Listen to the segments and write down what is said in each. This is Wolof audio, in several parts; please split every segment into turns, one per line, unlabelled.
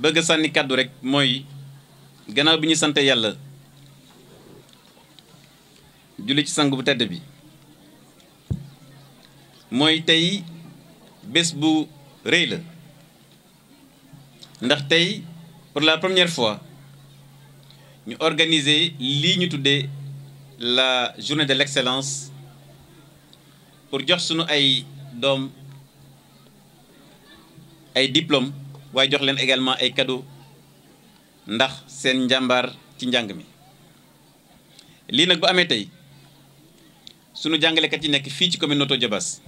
bëgg sanni moi, rek mooy gannaaw bi ñu sante yàlla ci tey pour la première fois Nous organiser ligne la journée de l'excellence pour jox sunu ay doom diplôme waaye jox leen également ay cadeau ndax seen njàmbaar ci njàng mi lii nag bu amee tey sunu jàngalekat yi nekk fii ci commune Notto Diobass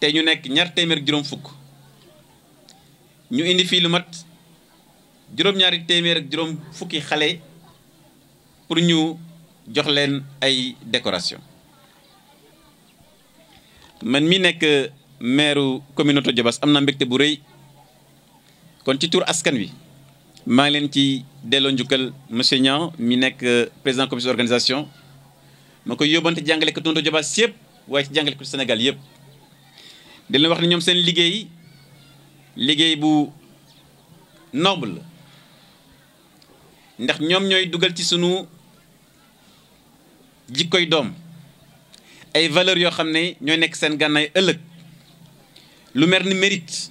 te ñu nekk ñaar téeméer ñu indi fii lu mat juróom téeméer ak juróom fukki xale pour ñu jox leen ay décoration man mi nekk maire commune Notto am na mbégte bu rëy kon ci tour askan wi maa ngi leen ci monsieur Je mi euh, président commission organisation ma koy yóbbante ko tonto Jobaas yëpp waaye ci ko Sénégal yëpp di leen wax ne ñoom seen liggéey liggéey bu noble ndax ñoom ñooy dugal ci sunu jikkoy doom ay valeurs yoo xam ne ñooy nekk seen gànnaay lu mer ni mérite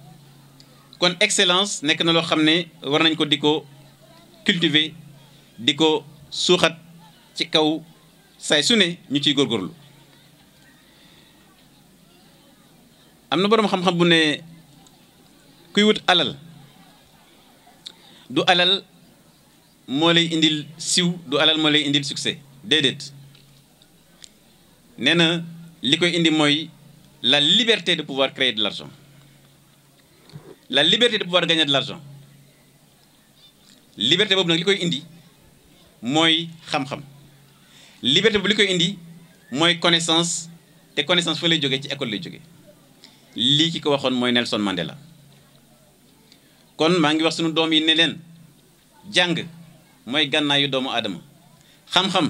kon excellence nek na lo xamné ne war nañ ko diko cultiver diko ko ci kaw say suné ñu ci gor gorlu amna borom xam-xam bu né kuy wut alal du alal mo lay indil siw du alal mo lay indil succès déedéet nee likoy indi moy la liberté de pouvoir créer de l'argent la liberté de pouvoir gagner de l'argent liberté boobu nag li koy indi mooy xam-xam liberté boobu li koy indi mooy connaissance te connaissance fa lay jógee ci école lay jóge lii ki ko waxoon mooy Nelson la kon maa ngi wax sunu doom yi ne leen jàng mooy gànnaayu doomu aadama xam-xam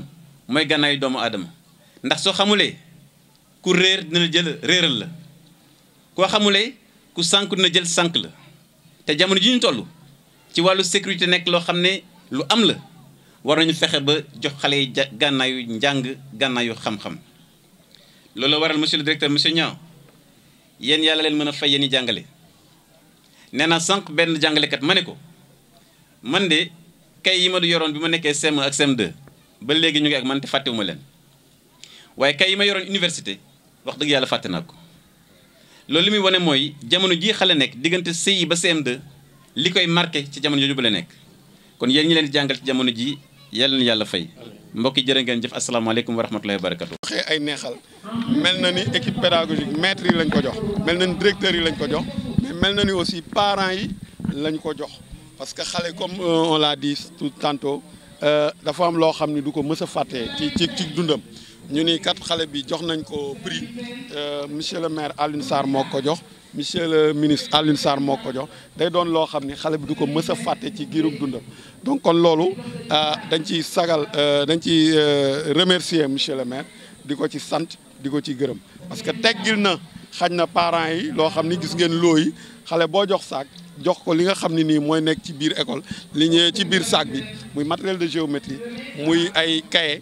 mooy gànnaayu doomu aadama ndax soo xamulee ku réer dina jël réeral la koo xamulee ku sànku na jël sank la té jamono ji ñu ci walu sécurité nek lo xamné lu am la war nañu fexé ba jox xale yi gànnaayu njàng gànnaayu xam-xam lolo waral monsieur le directeur monsieur ñaw yeen yalla leen mëna a fay yéen i jàngale nee naa sànq ko man dé kay yi ma du yoron bima nekké sem ak sem 2 ba légui ñu ngi ak man té fatéwuma leen waye kay yi ma université wax dëgg yalla loolu li muy wane mooy jamono jii xale nekk diggante CI ba CM2 li koy marqué ci jamono jooju ba la nekk kon yéen ñi leen di jàngal ci jamono jii yàlla na yàlla fay mbokk yi jërë ngeen jëf asalaamaaleykum wa rahmatulahi wa barakatu
waxee ay neexal mel na ni équipe pédagogique maître yi lañ ko jox mel na directeur yi lañ ko jox mais mel na ni aussi parent yi lañ ko jox parce que xale comme euh, on l'a dit tout tantôt euh, dafa am loo xam ni du ko mës a fàttee ci ci ci dundam ñu ni kat xale bi jox nañ ko prix euh, monsieur le maire Alioune Sarr moo ko jox monsieur le ministre Alioune Sarr moo ko jox day doon loo xam ni xale bi du ko mës a fàtte ci giirug dundam donc kon loolu euh, dañ ciy sagal euh, dañ ciy remercier monsieur le maire di ko ci sant di ko ci gërëm parce que teggil na xañ na parents yi loo xam ni gis ngeen loo yi xale boo jox saak jox ko li nga xam ne nii mooy nekk ci biir école li ñëwee ci biir saak bi muy matériel de géométrie muy ay cahier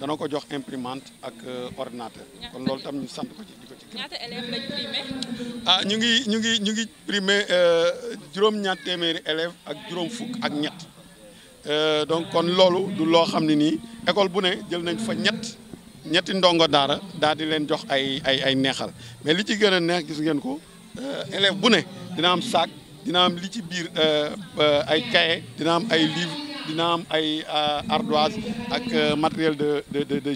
dana ko jox imprimante ak euh, ordinateur. kon loolu tam ñu sant ko ci di ko ci. ñaata ah, ñu ngi ñu ngi ñu ngi primé euh, juróom-ñaat téeméeri élèves ak juróom fukk ak ñett euh, donc kon loolu du loo xam ne nii école bu ne jël nañ fa ñett ñetti ndongo daara daal di leen jox ay ay ay neexal mais li ci gën a neex gis ngeen ko élève bu ne dina am saak dina am li ci biir ay cahier dina am ay livre dina am ay euh, ardoise ak euh, matériel de de de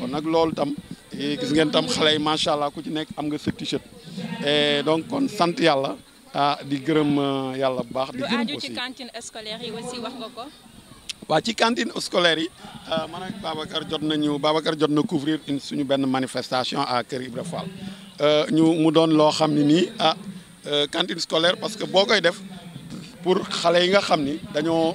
kon nag loolu tam eh, gis ngeen tam xale yi macha allah ku ci nekk am nga sa t-shirt eh, donc kon sant yàlla ah di gërëm euh, yàlla bu baax. di gërëm aussi lu aju ci waa ci cantine scolaire yi man ak Babacar jot nañu Babacar jot na couvrir une suñu benn manifestation à Kër Ibra ñu mu doon loo xam ne nii ah cantine scolaire parce que boo koy def pour xale yi nga xam ni dañoo.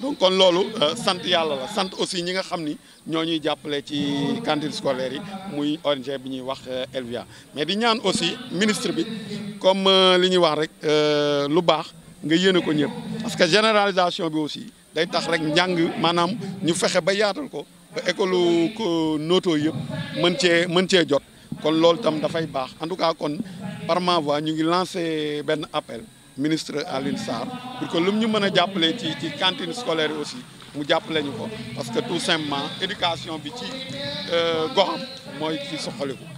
donc kon lolu euh, sante yalla la sante aussi ñi nga xamni ñoñuy jappalé ci cantine scolaire yi muy ONG bi ñuy wax euh, Elvia mais di ñaan aussi ministre bi comme euh, li ñuy wax rek lu baax nga yéene ko ñëpp parce que généralisation bi aussi day tax rek ñang manam ñu fexé ba yaatal ko ba école ko noto yëpp mën ci mën ci jot kon lolu tam fay baax en tout cas kon par ma voix ñu ngi lancer ben appel ministre Aline Sar, pour que nous mu ñu a cantine scolaire aussi mu jàppale parce que tout simplement l'éducation bi ci euh, goxam est ci